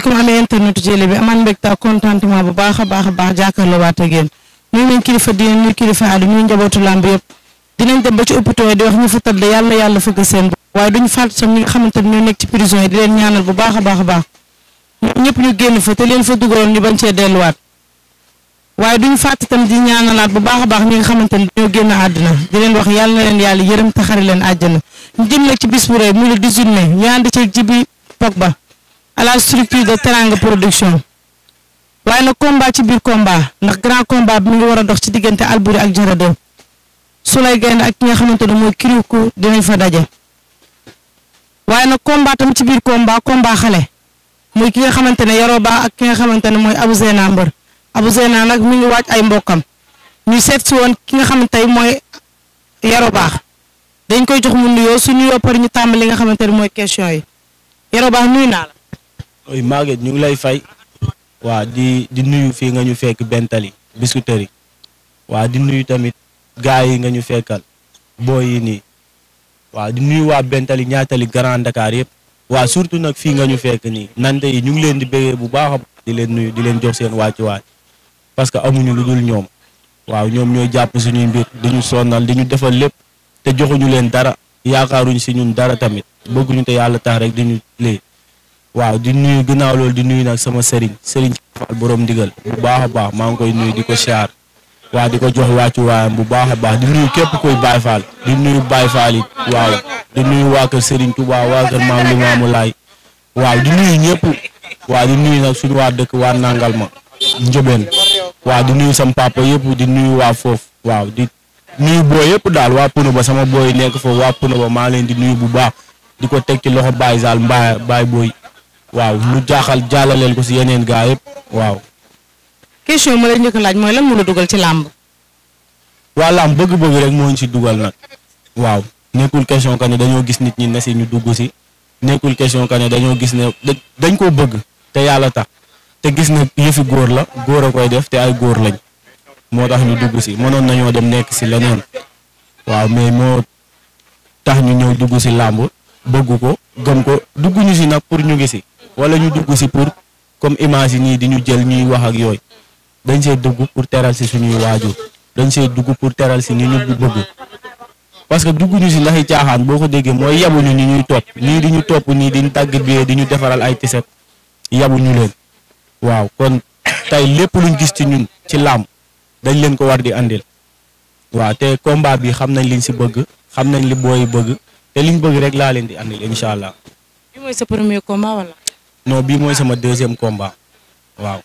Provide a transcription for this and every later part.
asalaamaaleykum amee internet jële bi amaan mbégte ak contentement bu baax a baax a baax jàkkaarloo waat ak yéen nuyu nañ kilifa diine nuyu kilifa aada nuyu njabootu làmb yëpp dinañ dem ba ci hôpital yi di wax ñu fa tëdd yàlla yàlla fëgg seen bopp waaye duñu fàtte sam ñi nga xamante ne ñoo nekk ci prison yi di leen ñaanal bu baax a baax a baax ñëpp ñu génn fa te leen fa dugaloon ñu bañ cee delluwaat waaye duñu fàtte tam di ñaanalaat bu baax a baax ñi nga xamante ne ñoo génn àddina di leen wax yàlla na leen yàlla yërëm taxari leen àjjana ñu jëm nag ci bis bu rëy muy le 18 mai ñu ànd ci jibi Pogba à la structure de Teranga production waaye nag combat ci biir combat ndax grand combat bi mu ngi war a dox ci diggante Albouri ak Jara 2 Souley Gaynde ak ki nga xamante ne mooy Kirikou dinañ fa daje waaye na combat tam ci biir combat combat xale muy ki nga xamante ne Yaroba ak ki nga xamante ne mooy abu Zeyna mbër Abou nag mi ngi waaj ay mbokkam ñu seet si woon ki nga xamante ne mooy baax dañ koy jox mu nuyoo su nuyoo par ñu tàmbali li nga xamante ne mooy question yi Yaroba oy ñu ngi lay fay waa di di nuyu fii nga ñu fekk Bentali Biscuiterie waa di nuyu tamit gars yi nga ñu fekkal boo yi nii waa di nuyu waa Bentali ñaatali Grand Dakar yëpp waa surtout nag fii nga ñu fekk nii nante yi ñu ngi leen di béggee bu baax di leen nuyu di leen jox seen wàccuwaay parce que amuñu lu dul ñoom waaw ñoom ñoo jàpp suñuy mbir dañu sonnal di ñu defal lépp te joxuñu leen dara yaakaaruñ si ñun dara tamit bëgguñu te yàlla tax rek di ñu waaw di nuyu gannaaw loolu di nuyu nag sama sëriñ sëriñ Fall boroom ndigal bu baax a baax maa ngi koy nuyu di ko siyaar waaw di ko jox wàccu waayam bu baax a baax di nuyu képp koy Baye Fall di nuyu Baye Fall it waaw di nuyu waa kër waa kër maam Laay waaw di nuyu nuyu nag suñu waa dëkk waa nangal ma njëbeen waaw di nuyu sam papa yëpp di nuyu waa foof waaw di nuyu boo yëpp daal waa Puna ba sama booy nekk foofu waa Puna ba maa leen di nuyu bu baax di ko teg ci loxo Baye Sall Mbaye booy waaw lu jaaxal jaalaleel ko ci yeneen gaa yëpp waaw. question ma la njëkk laaj mooy lan moo a dugal ci làmb. waa làmb bëgg-bëgg rek moo ñu si dugal nag. waaw nekkul question que ne dañoo gis nit ñi ne si ñu dugg si nekkul question que ne dañoo gis ne dañ koo bëgg te yàlla tax te gis na yëfi góor la góor a koy def te ay góor lañ moo tax ñu dugg si mënoon nañoo dem nekk si leneen waaw mais moo tax ñu ñëw dugg si làmb bëgg ko gëm ko dugg ñu si nag pour ñu ngi si. wala ñu dugg si pour comme image yi nii di ñu jël ñuy wax ak yooy dañ see dugg pour teral si suñuy waajur dañ see dugg pour teral si ni ñu bëgg parce que dugg ñu si ndaxi caaxaan boo ko déggee mooy yabuñu ni ñuy topp nii di ñu topp nii di ñu tàgg bi di ñu defaral ay tiset yabuñu leen waaw kon tey lépp luñ gis ci ñun ci làmb dañ leen ko war di andil waaw te combat bii xam nañ liñ si bëgg xam nañ li booy bëgg te liñ bëgg rek laa leen di andil incha allah. non bii mooy sama deuxième combat waaw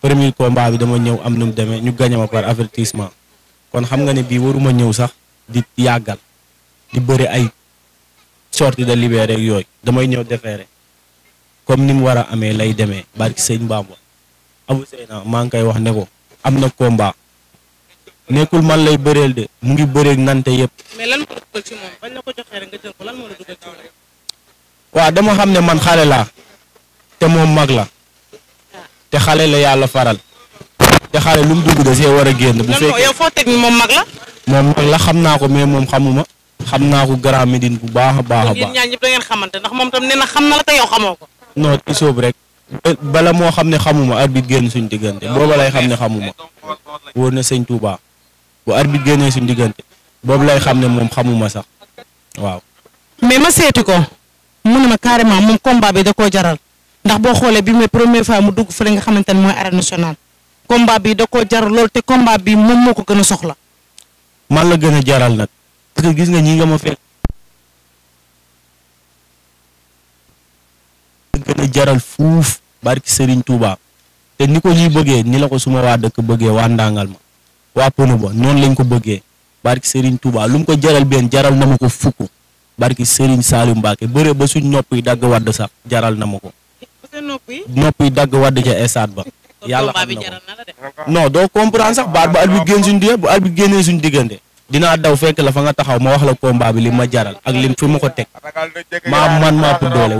premier combat bi dama ñëw am nu mu demee ñu gagné ma par avertissement kon xam nga ne bii waruma ñëw sax di yàggal di bëri ay sortie de libéré yooyu damay ñëw defeere comme ni mu war a amee lay demee barki sëñ Bamba Abou maa ngi koy wax ne ko am na combat nekkul man lay bëreel de mu ngi bëreeg nante dama xam ne man xale laa. te moom mag la te xale la yàlla faral te xale lu mu dugg da see war a génn. bu fekkee yow foo teg moom mag la. moom mag la xam naa ko mais moom xamuma xam naa ko Grand Médine bu baax a baax baax. yéen ñaar ñëpp moom tam nee na xam ko. non ci sóob rek. Eh, bala moo xam ne xamuma arbitre génn suñu diggante booba lay xam ne xamuma wóor na sëñ Touba bu arbitre génnee suñu diggante boobu lay xam ne moom xamuma sax waaw. mais ma seeti ko mu ne ma carrément moom combat bi da koo jaral. ndax bo xolé bi mooy première fois mu dugg fële nga xamantene moy arena nationale combat bi da ko jar lol te combat bi mom moko gëna soxla. man la gëna jaral nak parce que gis nga ñi nga ma fekk. gëna jaral fuf, barki Serigne Touba te niko ñi bëggé ni la ko suma wa dëkk bëggé wa Ndangal ma wa Pono bo non lañ ko bëggé barki Serigne Touba lu ko jaral ben jaral na fuku fukk barki Serigne salim mbake bëre ba suñ dag sax jaral na nopp yi dagg wadd ca estaad ba yàlla xam na comprendre sax baat bu albi génn suñu diggante bu arbitre génnee suñu diggante dinaa daw fekk la fa nga taxaw ma wax la combat bi ma jaral ak lim fi ma ko teg maa man ah combat bi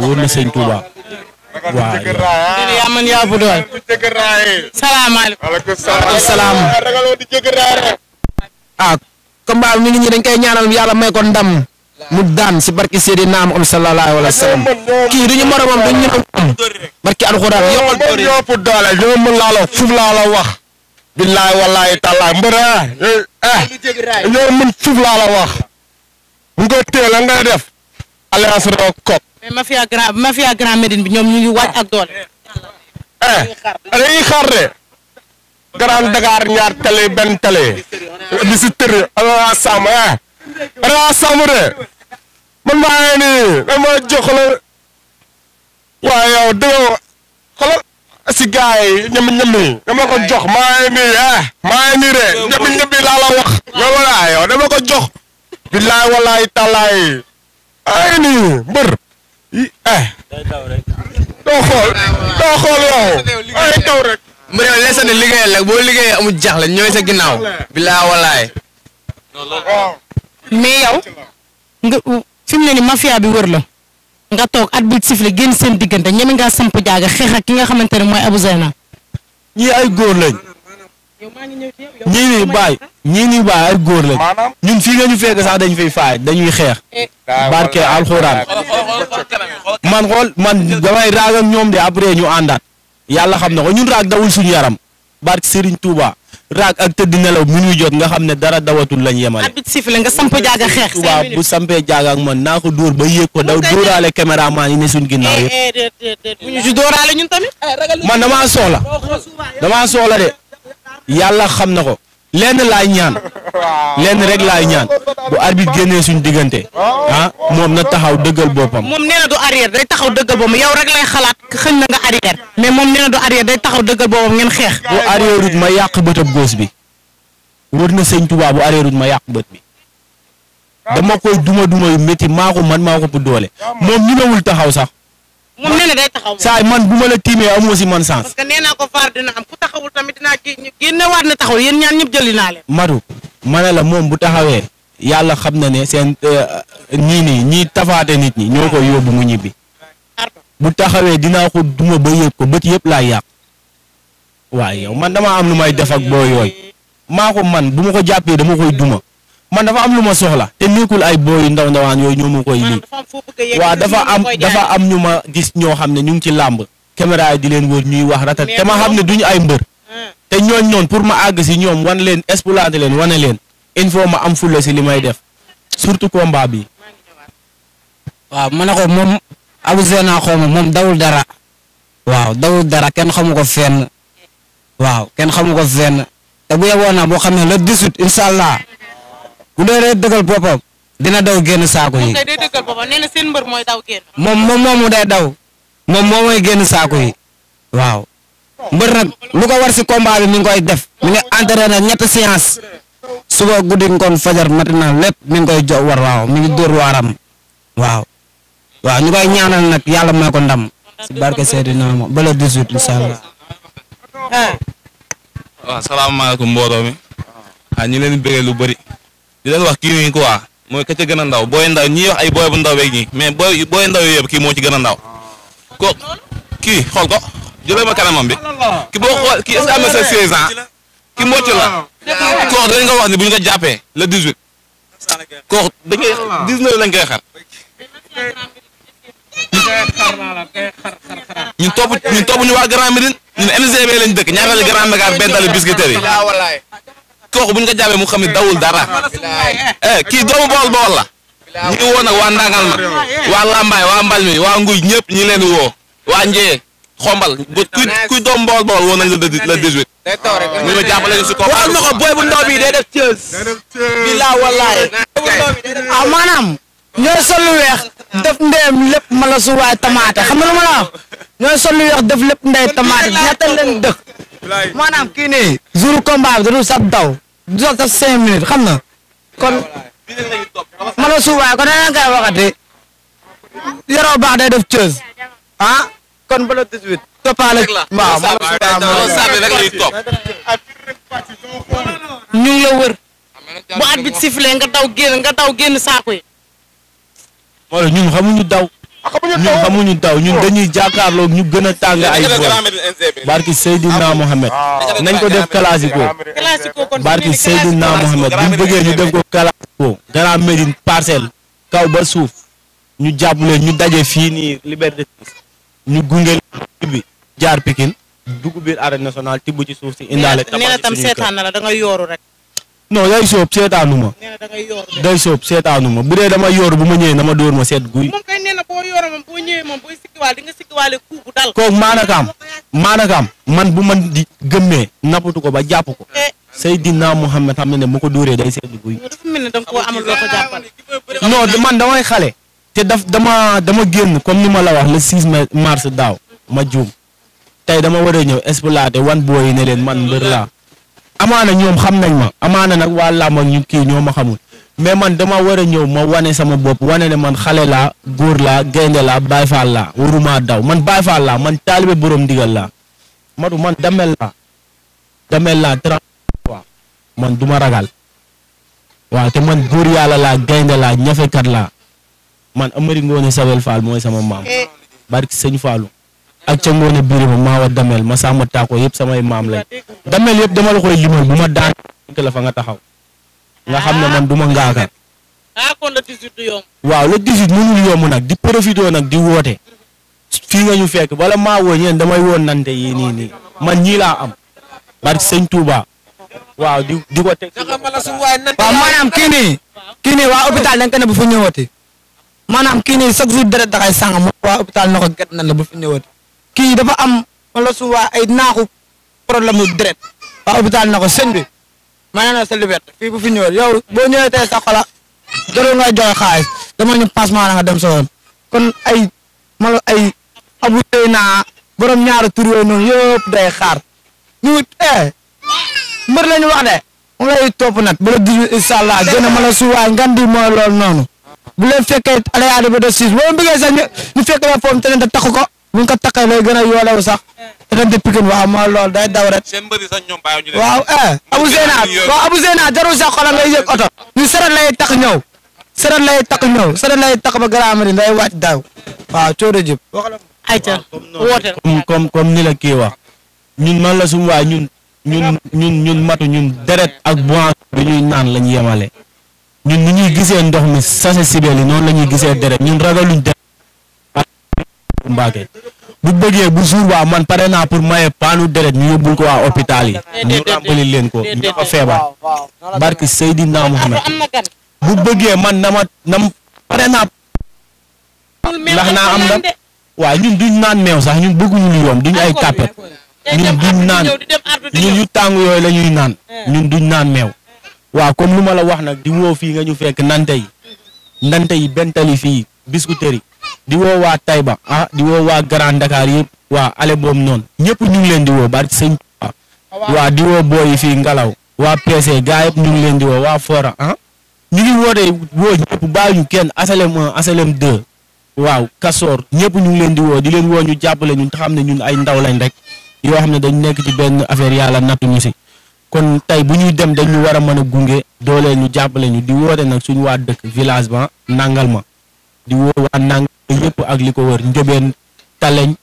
mi ngi ya dañ koy mu daan si barki Seydina Muhammad sallallahu alayhi wa sallam kii duñu moromam duñu ñu am barki alxuraan yokkal doole doole ñoo mën laa la fuuf wax billaay wallaay tallaay mbëra eh, eh. ñoo mën fuuf laa wax bu nga téye la def alliance roo kop mais mafia grand mafia bi ñoom ñu ngi waaj ak doole eh dañuy xaar de grand Dakar ñaar télé benn télé bi si tër ala sama eh raa Sambouré man maa ngi nii man maa jox xoolal waaye yow déggoo xoolal si gars yi ñam ñam ko jox maa ngi nii eh maa ngi ñam ñam laa la wax yow wala yow dama ko jox billaay walaay tallaay ay nii mbër eh. doo xool doo xool yow ay taw rek mbër yow leesane liggéeyal rek boo liggéeyee amul jaxle ñooy sa ginnaaw billaay walaay mais yow nga fi mu ne ni mafia bi wër la nga toog at bi sifle génn seen diggante ñeme ngaa samp jaaga xeex ak ki nga xamante ne mooy Abou Zeyna. ñi ay góor lañ. ñii nii baay ñii nii baay ay góor lañ ñun fii nga ñu fekk sax dañ fay faay dañuy xeex eh. barke alxuraan man xool man damay raag ñoom de après ñu àndaat yàlla xam na ko ñun raag dawul suñu yaram barke Serigne Touba. raag ak tëdd nelaw mu ñuy jot nga xam ne dara dawatul lañ yemale. arbitre nga samp jaaga xeex. waaw bu ak man naa ko dóor ba yéeg ko daw dóoraale caméraman yi ne suñ ginnaaw yëpp. Eh, eh, bu ñu si dóoraale ñun tamit. man damaa soxla. damaa soxla de. yàlla xam na ko. lenn laay ñaan lenn rek laay ñaan bu arbitre génnee suñu diggante ah moom na taxaw dëggal boppam. moom nee na du arrière day taxaw dëggal boppam yow rek lay mais moom nee na taxaw dëggal boppam ngeen xeex. bu arrière ma yàq bëtëb goos bi wër na sëñ Tuubaa bu ma yàq bët bi dama koy duma duma yu métti maa ko man maa ko ëpp doole moom ñemewul taxaw sax. moom nee na day taxaw saay man bu ma la tiimee amoo si man sens. parce que nee naa ko faar dina am ku taxawul tamit dinaa génnewaat taxaw yéen ñaan ñëpp jëli naa leen. ma ne la moom bu taxawee yàlla xam na ne seen nii euh, nii ñii tafaate nit ñi ñoo ko yóbbu mu ñibbi. bu taxawee dinaa ko duma ba yëg ko bët yëpp laay yàq. waaye yow man dama am lu may def ak boo yooy maa ko man bu ma ko jàppee dama koy duma. man dafa am lu ma soxla te nekkul ay booy ndaw ndawaan yooyu ñoo ma koy lii waaw dafa am dafa am ñu ma gis ñoo xam ne ñu ngi ci làmb caméra yi di leen wër ñuy wax rata te ma xam ne duñu ay mbër ah. te ñooñ noonu pour ma àgg si ñoom wan leen exploité leen wane leen il ma am fulla si li may def surtout combat bi waaw ma ne ko moom Abu Zeyna xooma moom dawul dara waaw daw dara kenn xamu ko fenn waaw kenn xamu ko fenn te bu naa boo xam ne le 18 incha allah bu dee day dina daw génn saako yi. moom day dëggal boppam nee na seen mbër mooy day daw moom moom mooy saako yi lu ko war si combat bi mi ngi def mi ngi entraîné ñetti séance suba guddi ngoon fajar matinal lépp mi ngi koy jox war waaw mi ngi dóor waaram waaw waaw ñu koy ñaanal nag yàlla may ndam si barke Seydina ma ba le 18 incha allah. waaw salaamaaleykum mbooloo mi ah leen bëggee lu di wax kii nii quoi mooy ka ca gën a booy ndaw ñiy wax ay booy bu ndaw beeg ñi mais booy booy ndaw yooyu yëpp kii moo ci gën a ndaw ko kii xool ko jëlee ma kanamam bi ki boo kii est-ce que ki mocc la ko wax ni bu ñu ko jàppee le 18 kooku dañ koy 19 lañ koy xar ñun topp ñu waa Grand Médine ñun MGB lañ dëkk ñaata la Grand Dakar benn tali biscuiterie kooku buñ ko jàppee mu xam ne dawul dara eh kii doomu bool bool la ñu ngi woo nag waa Ndangal ma waa Lambaay waa Mbal mi waa Nguy ñëpp ñi leen woo waa Njee xombal bu kuy kuy doomu mbool mbool woo nañ la le 18. ñu ma jàppale ñu si kaw. waaw ndox booy bu ndaw bi day def Thiès. bilaa walaay. ah maanaam. ñooy sol lu weex def ndeyam lépp ma la su waay tamaate xam nga lu ma la wax ñooy sol lu weex def lépp ndey tamaate ñettal leen dëkk. maanaam kii nii. jour combat bi da dul sax daw. du doon sax minutes xam na kon ma ne suubaay kon nan la koy waxatee yoroo baax day def cause ah kon ba le 18. ñu ngi la wër bu at nga daw génn nga daw génn saako yi. ñun xamuñu daw ñun dañuy jàkkaarloog ñu gën a tàng ay booy barki ah. ah. Seydina Mohamed nañ ko def classico barki Seydina Mohamed buñ bëggee ñu def ko classico Grand Médine parcelle kaw ba suuf ñu jàppale ñu daje fii nii Liberté ñu gunge bi jaar Pikine tibb ci suuf si indaale. tam seetaan la da yooru rek. non yaay soob seetaanuma day sop seetaanuma bu dee dama yor buma ñewé dama door ma set guuy moom kay neena bo boo yoroo moom boo ñëwee moom booy sikkiwaal di nga walé ku bu dal ko manakam manakam man bu man di gëmmee nappatu ko ba japp ko eh. Seydina muhammad xam ne mako dooré day set guuy non man damay xale te dama dama génn comme nima la wax le 6 mars daw ma juum tay dama wara ñew ñëw one boy ne len man mbeur la amaana ñoom xam nañ ma amaana nag waa laa ma ñu kii ñoo ma xamul mais man dama war ñëw ma wane sama bopp wane ne man xale laa góor laa gaynde laa baay faal laa waruma daw man baay faal laa man taalibe borom ndigal laa matu man damel laa damel laa trans man duma ragal waaw te man góor yàlla laa gaynde laa ñafekat laa man Amari Ngoone Sabel Fall mooy sama maam eh. barki sëñ Fallou ak ca ngoone birima maawa damel ma sàmm taako yëpp samay maam lañ damel yëpp dama la koy limal bu ma daan la fa taxaw nga xam ne man du ma ngaaka ah, waaw le 18 mënul yomb nag di profité nag di woote fii nga ñu fekk bala maa woo ñeen damay woon nante yi nii nii man ñii laa am barke sëñ Touba waaw di di ko teg waaw maanaam kii nii kii nii waa hôpital da nga bu fi ñëwati maanaam na ko gert na la ki dafa am wala wa ay naxu problème mu dret waa hôpital na ko bi manana sa liberté fi bu fi ñëwee yow bo ñëwé tay sa xala jarul nga joy xaay dama ñu passement nga dem sa kon ay malo ay abu teyna borom ñaara tour yo noonu yëpp day xaar ñu eh mbër lañu wax de moom lay top nak bu la di inshallah gëna mala su wa di mo loolu noonu bu leen fekkee alayaadi ba de six boo bëggee sax ñu fekk la foofu te leen te bu ñu ko takkee lay gën a yoolew sax diggante eh. Pikine waaw mooy lool day daw rek waaw eh Abou Zeyna waaw Abou Zeyna jarul sax xoolal ngay yëg oto ñu seret lay tax ñëw seret lay tax ñëw seret lay tax ba Grand Médine day wàcc daw waaw coono jub. ayca woote comme comme comme ni la kii wax ñun man la suñu waay ñun ñun ñun ñun matu ñun deret ak boisson bi ñuy naan la ñu yemale ñun ni ñuy gisee ndox mi sase sibeel yi noonu la ñuy gisee deret ñun ragaluñ deret Mbacke bu bëggee bu jour ba man pare naa pour maye paanu deret ñu yóbbul ko waa hôpital yi ñu ràmbali leen ko ñu ko feebar barki Seydina Muhammad bu bëggee man na ma nam ma pare naa ndax naa am nag waaw ñun duñ naan meew sax ñun bëgguñu lu yomb duñ ay kàppet ñun duñ naan ñun yu tàng yooyu la ñuy naan eh. ñun duñ naan meew waaw comme lu ma la wax nag di woo fii nga ñu fekk nante yi nante yi bentali fii biscuiterie di woo waa Taïba ah di woo waa Grand Dakar yëpp waa ale boobu noonu ñëpp ñu ngi leen di woo barki sëñ waa di woo booy yi fii ngalaw waa PC gaa yëpp ñu ngi leen di woo waa Fora ah ñu ngi wootee woo ñëpp bàyyi ñu kenn asalem un asalem waaw kasoor ñëpp ñu ngi leen di woo di leen woo ñu jàppale ñun te xam ne ñun ay ndaw lañ rek yoo xam ne dañ nekk ci benn affaire yàlla nattuñu si kon tey bu ñuy dem dañu war a mën a gunge dooleel ñu jàppale ñu di woote nag suñu waa dëkk village ba nangal ma di wo wa nang yëpp ak liko wër njobeen taleñ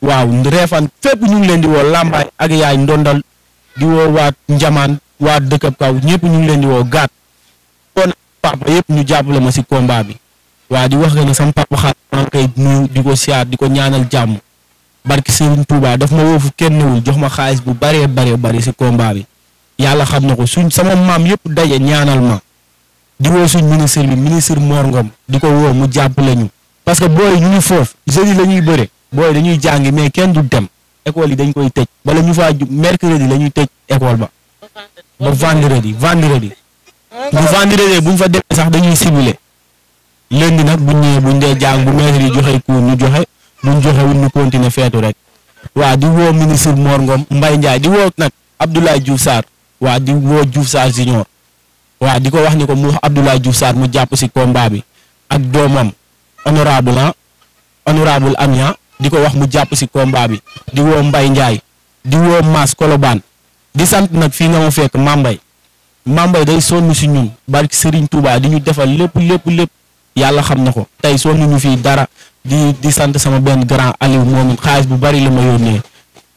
waaw reefan fépp ñu ngi leen di wo lambay ak yaay ndondal di wa njaman wa dekk ak kaw ñëpp ñu ngi leen di wo gaat kon papa yëpp ñu jàppale ma ci combat bi wa di wax nga ne sama papa xaar maa kay nuyu ñaanal jamm barki Serigne Touba daf ma wofu kenn wu jox ma xaalis bu bare bare bare ci combat bi yalla xam ko suñ sama mam dajé ñaanal ma di woo suñ ministre bi ministre Mor Ngom di ko woo mu jàppale ñu parce que booy ñu ngi foofu jeudi la ñuy bëre booy dañuy jàng mais kenn du dem école yi dañ koy tëj bala ñu faa mercredi la ñuy tëj école ba ba vendredi vendredi bu vendredi bu ñu fa demee sax dañuy simulé lundi nag bu ñëwee buñ ñu dee jàng bu maître yi joxe cours ñu joxe bu ñu joxe wul ñu continuer feetu rek waa di woo ministre Mor Ngom Mbaye Ndiaye di woo nag Abdoulaye Diouf Sarr waa di woo Diouf Sarr junior waa di ko wax ni ko mu wax Abdoulaye Diouf Sarr mu jàpp si combat bi ak doomam honorable ah honorable Amia di ko wax mu jàpp si combat bi di woo mbay Ndiaye di woo Mass Colobane di sant nag fii nga ma fekk Mambay Mambay day sonn si ñun barki Serigne Touba di ñu defal lépp lépp lépp yàlla xam na ko tey sonn ñu fii dara di sant sama benn grand Aliou moom xaalis bu bari la ma yónnee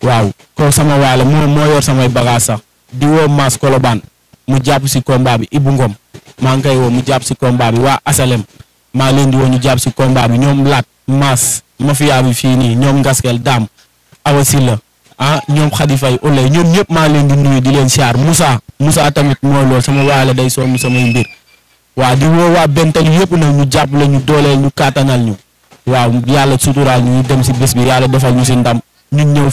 waaw ko sama waay la moo yor samay bagage sax di woo Mass Colobane mu jàpp si combat bi Ibou Ngom maa ngi koy woo mu jàpp si combat bi waa Asalem maa leen di woo ñu jàpp si combat bi ñoom Laat Maas mafia bi fii nii ñoom Ngaskel Dame Awa Silla ah ñoom Khady Faye Olay ñoom ñëpp maa leen di nuyu di leen siyaar Moussa Moussa tamit mooy loolu sama waay la day soom samay mbir waaw di woo waa Bentali yëpp nag ñu jàppale ñu dooleel ñu kàttanal ñu waaw yàlla suturaal ñu dem si bés bi yàlla defal ñu si ndam ñun ñëw.